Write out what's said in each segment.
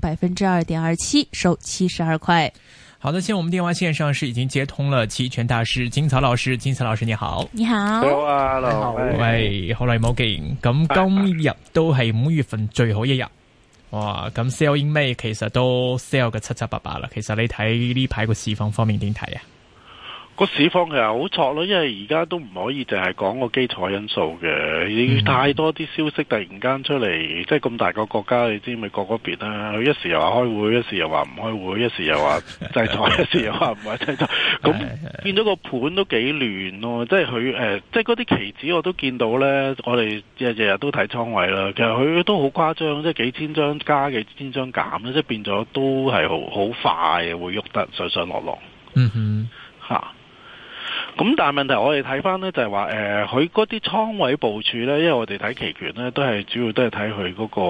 百分之二點二七，收七十二塊。好的，現在我們電話線上是已經接通了期權大師金曹老師，金曹老師你好，你好，好啊，你好，喂，好耐冇見，咁、嗯、今日都係五月份最後一日，哇，咁 sell in May 其實都 sell 嘅七七八八啦，其實你睇呢排個市況方面點睇啊？個市況其實好錯咯，因為而家都唔可以淨係講個基礎因素嘅，你、嗯、太多啲消息突然間出嚟，即係咁大個國家，你知美國嗰邊啦。佢、啊、一時又話開會，一時又話唔開會，一時又話制裁， 一時又話唔話制裁，咁變咗個盤都幾亂咯。即係佢、呃、即係嗰啲期指我都見到咧，我哋日日日都睇倉位啦。其實佢都好誇張，即係幾千張加幾千張減，即係變咗都係好快會喐得上上落落。嗯咁但係問題，我哋睇翻呢，就係話，誒佢嗰啲倉位部署呢，因為我哋睇期權呢，都係主要都係睇佢嗰個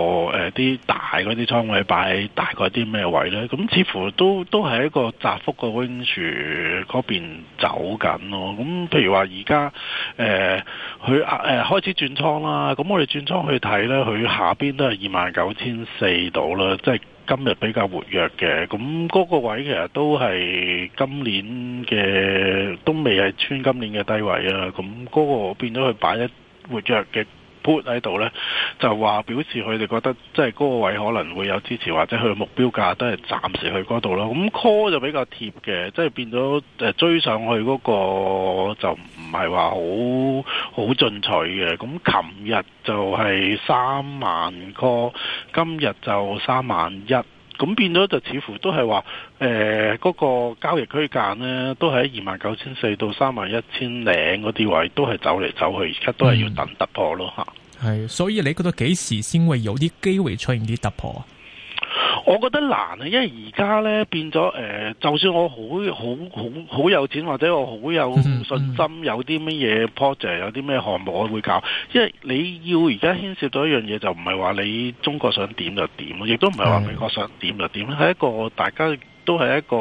啲、呃、大嗰啲倉位擺喺大概啲咩位呢。咁似乎都都係一個窄幅嘅溫泉嗰邊走緊咯。咁譬如話而家誒佢誒開始轉倉啦。咁我哋轉倉去睇呢，佢下邊都係二萬九千四度啦，即係。今日比較活躍嘅，咁嗰個位其實都係今年嘅，都未係穿今年嘅低位啊，咁嗰個變咗佢擺一活躍嘅。put 喺度呢，就話表示佢哋覺得即係嗰個位可能會有支持，或者佢目標價都係暫時去嗰度咯。咁 call 就比較貼嘅，即係變咗誒追上去嗰個就唔係話好好進取嘅。咁琴日就係三萬 call，今日就三萬一。咁變咗就似乎都係話，誒、呃、嗰、嗰個交易區間呢都喺二萬九千四到三萬一千零嗰啲位，都係走嚟走去，而家都係要等突破咯係、嗯，所以你覺得幾時先會有啲機會出現啲突破啊？我覺得難啊，因為而家呢變咗誒、呃，就算我好好好好有錢，或者我好有信心，有啲乜嘢 project，有啲咩項目，項目我會搞。因為你要而家牽涉到一樣嘢，就唔係話你中國想點就點，亦都唔係話美國想點就點。係、嗯、一個大家都係一個，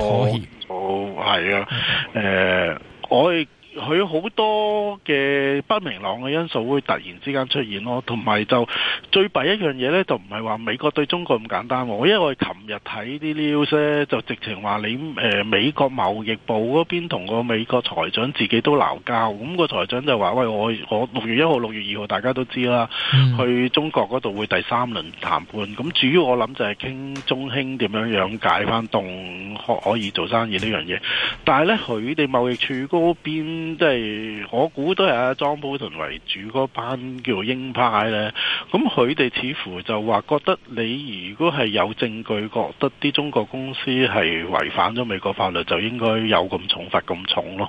哦，係啊，誒，我。佢好多嘅不明朗嘅因素會突然之間出現咯，同埋就最弊一樣嘢咧，就唔係話美國對中國咁簡單，啊，喎。因為我琴日睇啲 news 咧，就直情話你誒、呃、美國貿易部嗰邊同個美國財長自己都鬧交。咁、嗯，嗰個財長就話喂，我我六月一號六月二號大家都知啦、嗯，去中國嗰度會第三輪談判。咁、嗯、主要我諗就係傾中興點樣樣解翻凍可可以做生意呢樣嘢。但係咧，佢哋貿易處嗰邊。即、嗯、係我估都係阿 John Bolton 為主嗰班叫鷹派呢。咁佢哋似乎就話覺得你如果係有證據覺得啲中國公司係違反咗美國法律，就應該有咁重罰咁重囉。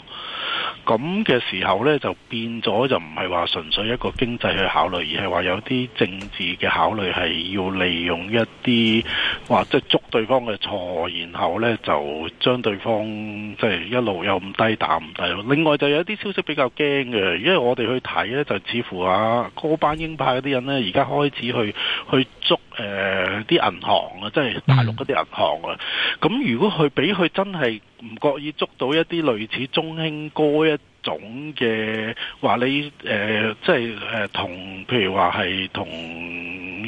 咁嘅時候呢，就變咗就唔係話純粹一個經濟去考慮，而係話有啲政治嘅考慮，係要利用一啲話即係捉對方嘅錯，然後呢就將對方即係、就是、一路又咁低打唔低。另外就有一啲消息比較驚嘅，因為我哋去睇呢，就似乎啊嗰班鷹派嗰啲人呢，而家開始去去捉。誒、呃，啲銀行啊，即係大陸嗰啲銀行啊，咁、嗯、如果佢俾佢真係唔覺意捉到一啲類似中興哥咧？總嘅話你誒、呃、即係誒同，譬如話係同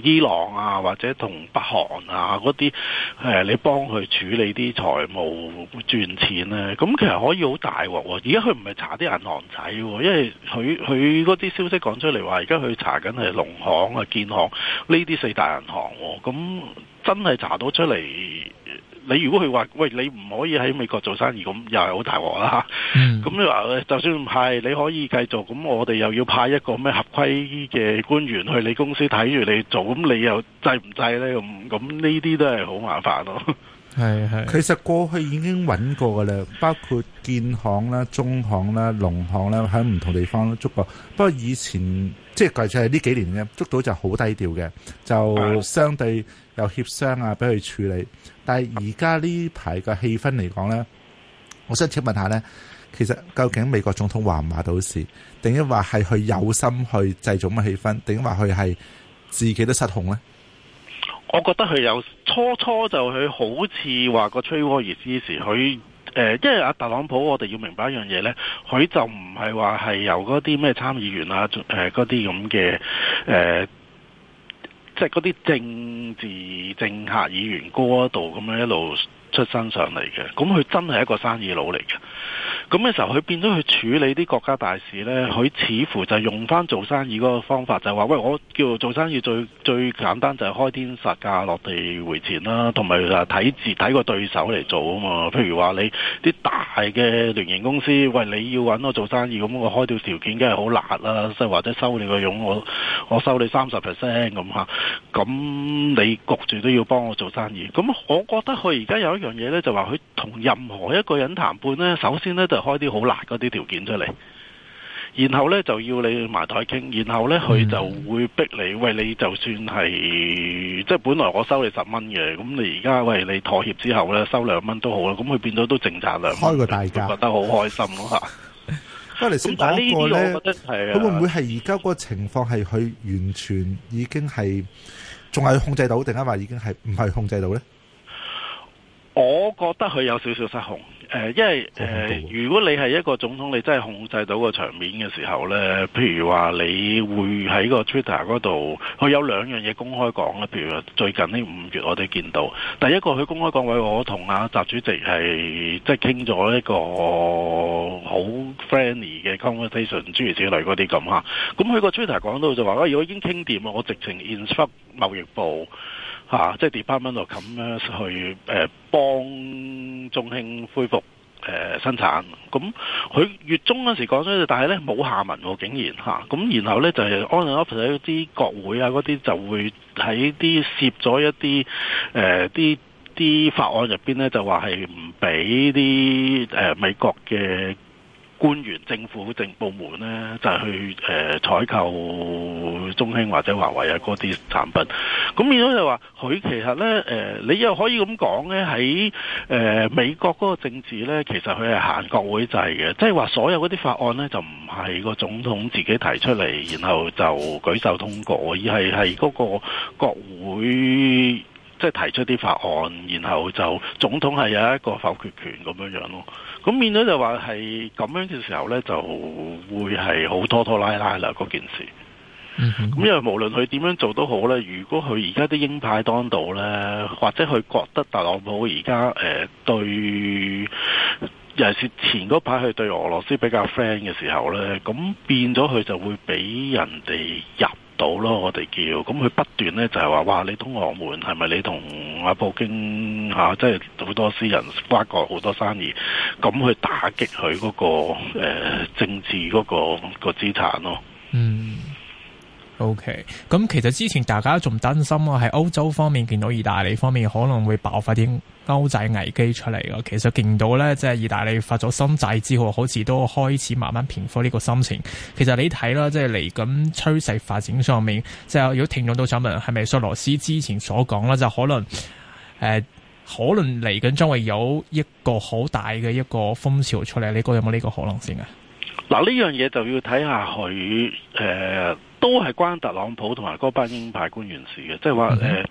伊朗啊，或者同北韓啊嗰啲誒，你幫佢處理啲財務賺錢咧、啊，咁其實可以好大鑊、啊。而家佢唔係查啲銀行仔、啊，因為佢佢嗰啲消息講出嚟話，而家佢查緊係農行啊、建行呢啲四大銀行、啊。咁真係查到出嚟。你如果佢話，喂，你唔可以喺美國做生意咁，又係好大鑊啦。咁你話就算唔係，你可以繼續咁，我哋又要派一個咩合規嘅官員去你公司睇住你做，咁你又制唔制呢？咁咁呢啲都係好麻煩咯。係係，其實過去已經揾過噶啦，包括建行啦、中行啦、農行啦，喺唔同地方都捉過。不過以前即係，尤其是呢幾年咧，捉到就好低調嘅，就相對有協商啊，俾佢處理。但係而家呢排嘅氣氛嚟講咧，我想請問下咧，其實究竟美國總統話唔話到事，定一話係佢有心去製造乜氣氛，定一話佢係自己都失控咧？我覺得佢由初初就佢好似話個吹波熱啲時，佢、呃、誒，因為阿特朗普，我哋要明白一樣嘢呢，佢就唔係話係由嗰啲咩參議員啊嗰啲咁嘅，誒，即係嗰啲政治政客議員嗰度咁樣一路出身上嚟嘅，咁佢真係一個生意佬嚟嘅。咁嘅時候，佢變咗去處理啲國家大事呢，佢似乎就係用翻做生意嗰個方法，就係話：喂，我叫做做生意最最簡單就係開天殺價落地回錢啦，同埋睇字睇個對手嚟做啊嘛。譬如話你啲大嘅聯營公司，喂，你要揾我做生意，咁我開條條件梗係好辣啦，即係或者收你個傭，我我收你三十 percent 咁嚇。咁你焗住都要幫我做生意。咁我覺得佢而家有一樣嘢呢，就話佢同任何一個人談判呢，首先呢就，開啲好辣嗰啲條件出嚟，然後咧，就要你埋台傾，然後咧佢就會逼你、嗯、喂，你就算係即係本來我收你十蚊嘅，咁你而家喂你妥協之後咧收兩蚊都好啦，咁佢變咗都淨賺兩蚊，佢覺得好開心咯吓。咁嚟呢啲，我覺得係咁會唔會係而家嗰個情況係佢完全已經係仲係控制到定係話已經係唔係控制到咧？我覺得佢有少少失控。誒，因為誒、呃，如果你係一個總統，你真係控制到個場面嘅時候咧，譬如話，你會喺個 Twitter 嗰度，佢有兩樣嘢公開講啦。譬如最近呢五月，我哋見到，第一個佢公開講話，我同阿習主席係即係傾咗一個好 friendly 嘅 conversation，諸如此類嗰啲咁嚇。咁佢個 Twitter 講到就話，如果已經傾掂啦，我直情 insult 貿易部嚇，即、啊、係、就是、department 度，噉去、啊、幫中興恢復、啊、生產。咁、啊、佢月中嗰時講咗，但係咧冇下文喎，竟然咁、啊啊、然後咧就係、是、on and off 啲國會啊嗰啲就會喺啲涉咗一啲誒啲啲法案入邊咧，就話係唔俾啲誒美國嘅。官員、政府政部門咧，就係、是、去誒、呃、採購中興或者華為啊嗰啲產品。咁變咗就話，佢其實咧誒、呃，你又可以咁講咧，喺誒、呃、美國嗰個政治咧，其實佢係行國會制嘅，即係話所有嗰啲法案咧，就唔係個總統自己提出嚟，然後就舉手通過，而係係嗰個國會即係、就是、提出啲法案，然後就總統係有一個否決權咁樣樣咯。咁變咗就話係咁樣嘅時候咧，就會係好拖拖拉拉啦嗰件事。咁因為無論佢點樣做都好咧，如果佢而家啲鷹派當道咧，或者佢覺得特朗普而家誒、對尤其是前嗰排佢對俄羅斯比較 friend 嘅時候咧，咁變咗佢就會俾人哋入。到咯，我哋叫咁佢不斷咧就係話：「哇！你通俄門係咪你同阿、啊、普京吓、啊，即係好多私人發過好多生意，咁去打擊佢嗰個誒、呃、政治嗰、那個、那個資產咯。嗯。O K，咁其實之前大家仲擔心啊，喺歐洲方面見到意大利方面可能會爆發啲歐債危機出嚟咯。其實見到呢，即係意大利發咗新債之後，好似都開始慢慢平復呢個心情。其實你睇啦，即係嚟緊趨勢發展上面，即係如果聽眾都想問，係咪索羅斯之前所講啦，就可能誒、呃，可能嚟緊將會有一個好大嘅一個風潮出嚟。你覺有冇呢個可能性啊？嗱，呢樣嘢就要睇下佢誒。呃都係關特朗普同埋嗰班鷹派官員的事嘅，即係話誒。呃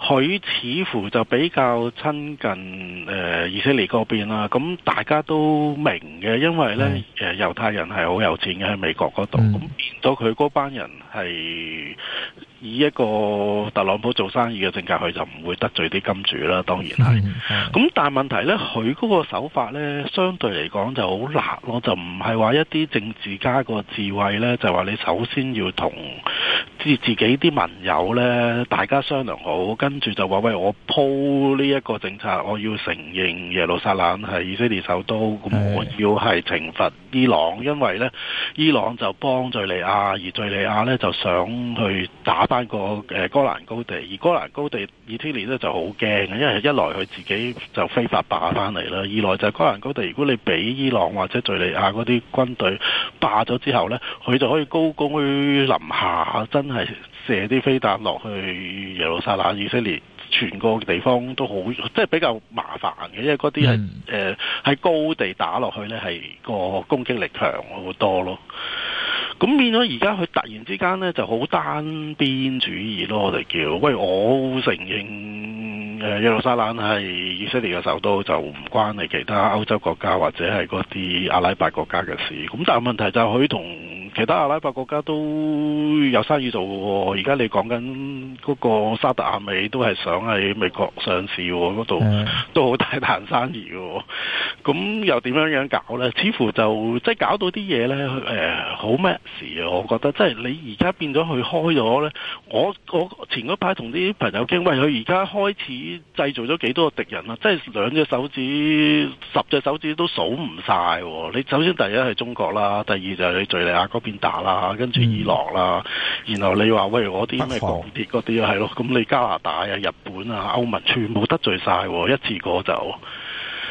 佢似乎就比較親近誒、呃、以色列嗰邊啦、啊，咁大家都明嘅，因為咧誒、mm. 猶太人係好有錢嘅喺美國嗰度，咁變咗佢嗰班人係以一個特朗普做生意嘅性格去，佢就唔會得罪啲金主啦，當然係。咁、mm. 但係問題咧，佢嗰個手法咧，相對嚟講就好辣咯，就唔係話一啲政治家個智慧咧，就話你首先要同。自自己啲盟友呢，大家商量好，跟住就話：「喂，我鋪呢一個政策，我要承認耶路撒冷係以色列首都，咁我要係懲罰伊朗，因為呢，伊朗就幫敘利亞，而敘利亞呢就想去打翻個哥蘭高地，而哥蘭高地以色列呢就好驚，因為一來佢自己就非法霸翻嚟啦，二來就係哥蘭高地，如果你俾伊朗或者敘利亞嗰啲軍隊霸咗之後呢，佢就可以高高臨下。真係射啲飛彈落去耶路撒冷、以色列全個地方都好，即係比較麻煩嘅，因為嗰啲係喺高地打落去呢，係個攻擊力強好多咯。咁變咗而家佢突然之間呢就好單邊主義咯，我哋叫喂，我承認耶路撒冷係以色列嘅首都，就唔關你其他歐洲國家或者係嗰啲阿拉伯國家嘅事。咁但問題就係佢同其他阿拉伯國家都有生意做喎，哦，而家你講緊嗰個沙特阿美都係想喺美國上市嗰、哦、度，都好大單生意喎，哦。咁又點樣樣搞咧？似乎就即係搞到啲嘢咧，誒好咩事啊？我覺得即係你而家變咗去開咗咧，我我前嗰排同啲朋友傾，喂佢而家開始製造咗幾多個敵人啊！即係兩隻手指、十隻手指都數唔曬、哦。你首先第一係中國啦，第二就係你敍利亞嗰邊。打啦，跟住伊朗啦，然後你話喂我啲咩港鐵嗰啲啊，係咯，咁你加拿大啊、日本啊、歐盟全部得罪曬，一次過就，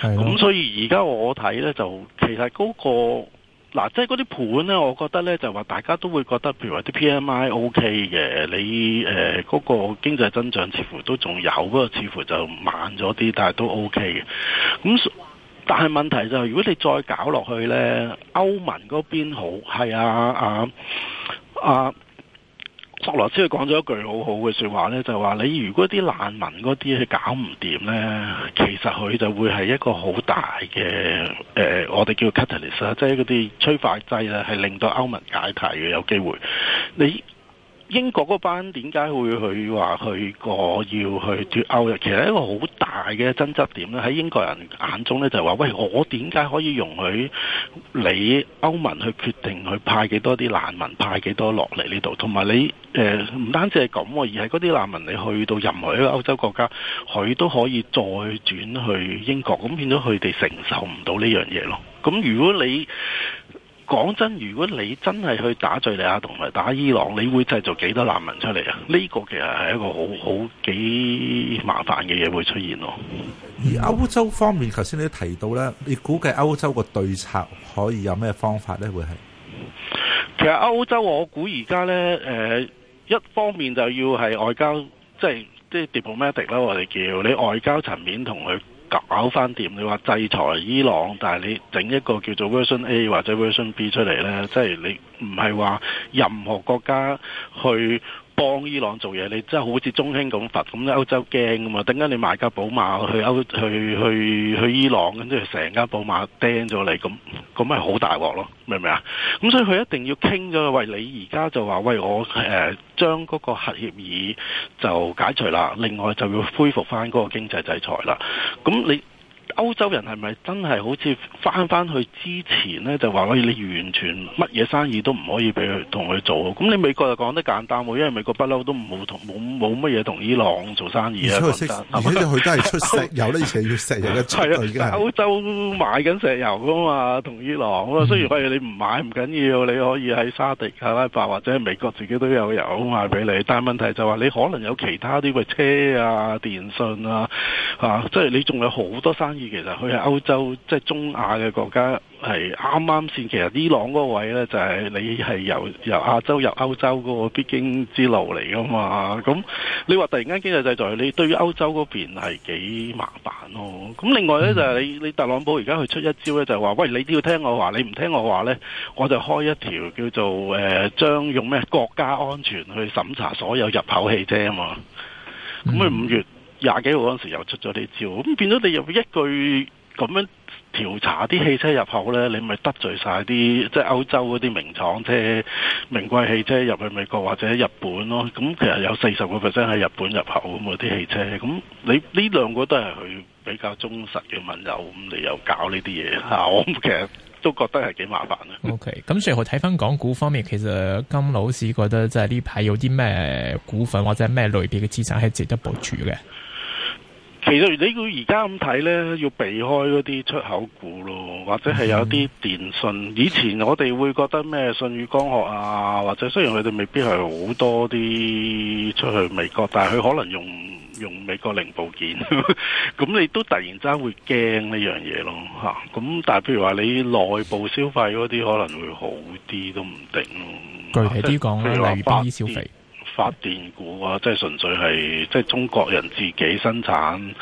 咁所以而家我睇呢，就其實嗰、嗰個嗱，即係嗰啲盤呢，我覺得呢，就話大家都會覺得，譬如話啲 PMI OK 嘅，你誒嗰、呃嗰個經濟增長似乎都仲有，不過似乎就慢咗啲，但係都 O K 嘅，咁。但係問題就係，如果你再搞落去呢，歐盟嗰邊好係啊啊啊！索羅斯佢講咗一句好好嘅說話呢，就話你如果啲難民嗰啲搞唔掂呢，其實佢就會係一個好大嘅誒、呃，我哋叫 catalyst 啊，即係嗰啲催化劑啊，係令到歐盟解體嘅有機會你英國嗰班點解會去去話去個要去脱歐？其實一個好大嘅爭執點咧，喺英國人眼中咧就係、是、話：喂，我點解可以容許你歐盟去決定去派幾多啲難民派幾多落嚟呢度？同埋你誒唔、呃、單止係咁喎，而係嗰啲難民你去到任何一個歐洲國家，佢都可以再轉去英國，咁變咗佢哋承受唔到呢樣嘢咯。咁如果你，講真，如果你真係去打敘利亞同埋打伊朗，你會製造幾多難民出嚟啊？呢、這個其實係一個好好幾麻煩嘅嘢會出現咯。而歐洲方面，頭先你都提到咧，你估計歐洲個對策可以有咩方法咧？會係？其實歐洲我估而家咧，誒、呃，一方面就要係外交，即係即係 diplomatic 啦，我哋叫你外交層面同佢。搞翻掂，你話制裁伊朗，但係你整一個叫做 version A 或者 version B 出嚟咧，即係你唔係話任何國家去，幫伊朗做嘢，你真係好似中興咁罰咁，歐洲驚啊嘛！等間你賣架寶馬去歐去去去伊朗，跟住成間寶馬釘咗你，咁咁咪好大鑊咯，明唔明啊？咁所以佢一定要傾咗，喂，你而家就話喂，我誒、呃、將嗰個核協議就解除啦，另外就要恢復翻嗰個經濟制裁啦，咁你。歐洲人係咪真係好似翻翻去之前咧，就話可以你完全乜嘢生意都唔可以俾佢同佢做？咁你美國就講得簡單喎，因為美國不嬲都冇同冇冇乜嘢同伊朗做生意啊，佢真係出石油，有啲石油而且石油嘅。歐洲買緊石油噶嘛，同伊朗。雖然譬如你唔買唔緊要，你可以喺沙地阿拉伯或者美國自己都有油賣俾你。但係問題就話你可能有其他啲嘅車啊、電信啊，啊，即係你仲有好多生意。其實佢係歐洲即係、就是、中亞嘅國家係啱啱先。其實伊朗嗰位置呢，就係、是、你係由由亞洲入歐洲嗰個必經之路嚟㗎嘛。咁你話突然間經濟制裁，你對於歐洲嗰邊係幾麻煩咯。咁另外呢，就係、是、你你特朗普而家佢出一招呢，就係話，喂，你都要聽我話，你唔聽我話呢，我就開一條叫做誒、將、呃、用咩國家安全去審查所有入口汽車啫嘛。咁佢五月，嗯廿幾號嗰時又出咗啲招，咁變咗你又一句咁樣調查啲汽車入口咧，你咪得罪晒啲即係歐洲嗰啲名廠車、名貴汽車入去美國或者日本咯。咁其實有四十個 percent 喺日本入口嗰啲汽車，咁你呢兩個都係佢比較忠實嘅盟友，咁你又搞呢啲嘢吓，我其實都覺得係幾麻煩嘅。OK，咁最後睇翻港股方面，其實金老師覺得即係呢排有啲咩股份或者咩類別嘅資產係值得部署嘅？其實你要而家咁睇呢，要避開嗰啲出口股咯，或者係有啲電信。以前我哋會覺得咩舜宇光學啊，或者雖然佢哋未必係好多啲出去美國，但係佢可能用用美國零部件，咁你都突然間會驚呢樣嘢咯嚇。咁、啊、但係譬如話你內部消費嗰啲可能會好啲，都唔定咯。具體啲講發電股啊，即係純粹係即係中國人自己生產，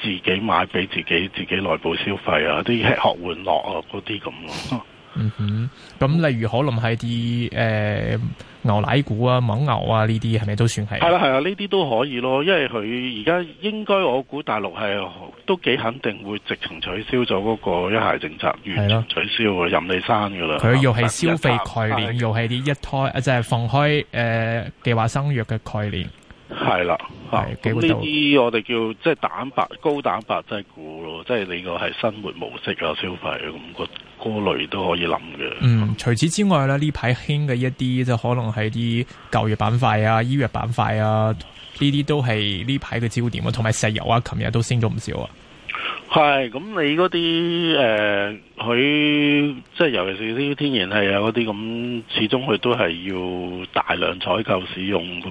自己買俾自己、自己內部消費啊，啲吃喝玩樂啊嗰啲咁咯。嗯哼，咁例如可能係啲誒牛奶股啊、蒙牛啊呢啲，係咪都算係？係啦，係啊，呢啲都可以咯，因為佢而家應該我估大陸係都幾肯定會直情取消咗嗰個一孩政策，完全取消嘅，任你生噶啦。佢又係消費概念，又係啲一胎，即係、啊就是、放開誒計劃生育嘅概念。係啦，吓，咁呢啲我哋叫即係、即係、蛋白高蛋白質股咯，即係你個係生活模式啊、消費咁、嗰個嗰、嗰個、類都可以諗嘅。嗯，除此之外咧，呢排興嘅一啲即可能係啲教育板塊啊、醫藥板塊啊，呢啲都係呢排嘅焦點啊，同埋石油啊，琴日都升咗唔少啊。係，咁你嗰啲誒，佢即係尤其是啲天然氣啊嗰啲咁，始終佢都係要大量採購使用咁。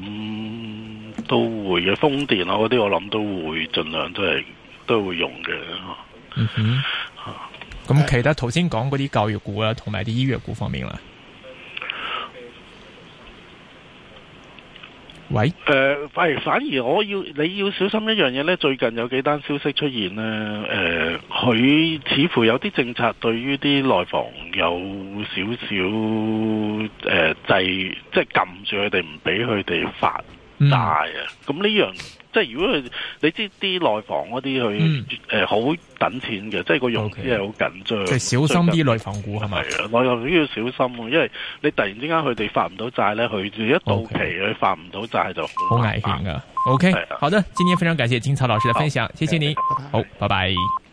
都會嘅，風電啊嗰啲我諗都會盡量都係都會用嘅。吓、嗯、咁、啊、其他頭先講嗰啲教育股啊，同埋啲醫藥股方面啦。喂、呃、誒，反反而，我要你要小心一樣嘢呢。最近有幾單消息出現呢，誒、呃，佢似乎有啲政策對於啲內房有少少、呃、制，即係撳住佢哋唔俾佢哋發。大、嗯、啊！咁呢樣即係如果佢你知啲內房嗰啲佢誒好等錢嘅、嗯，即係個用嘅又好緊張。即、okay, 係小心啲內房股係咪？內房股要小心，因為你突然之間佢哋發唔到債咧，佢一到期佢、okay, 發唔到債就好危險噶。OK、啊、好的，今天非常感謝金曹老師嘅分享，謝謝你。Okay, bye bye 好，拜拜。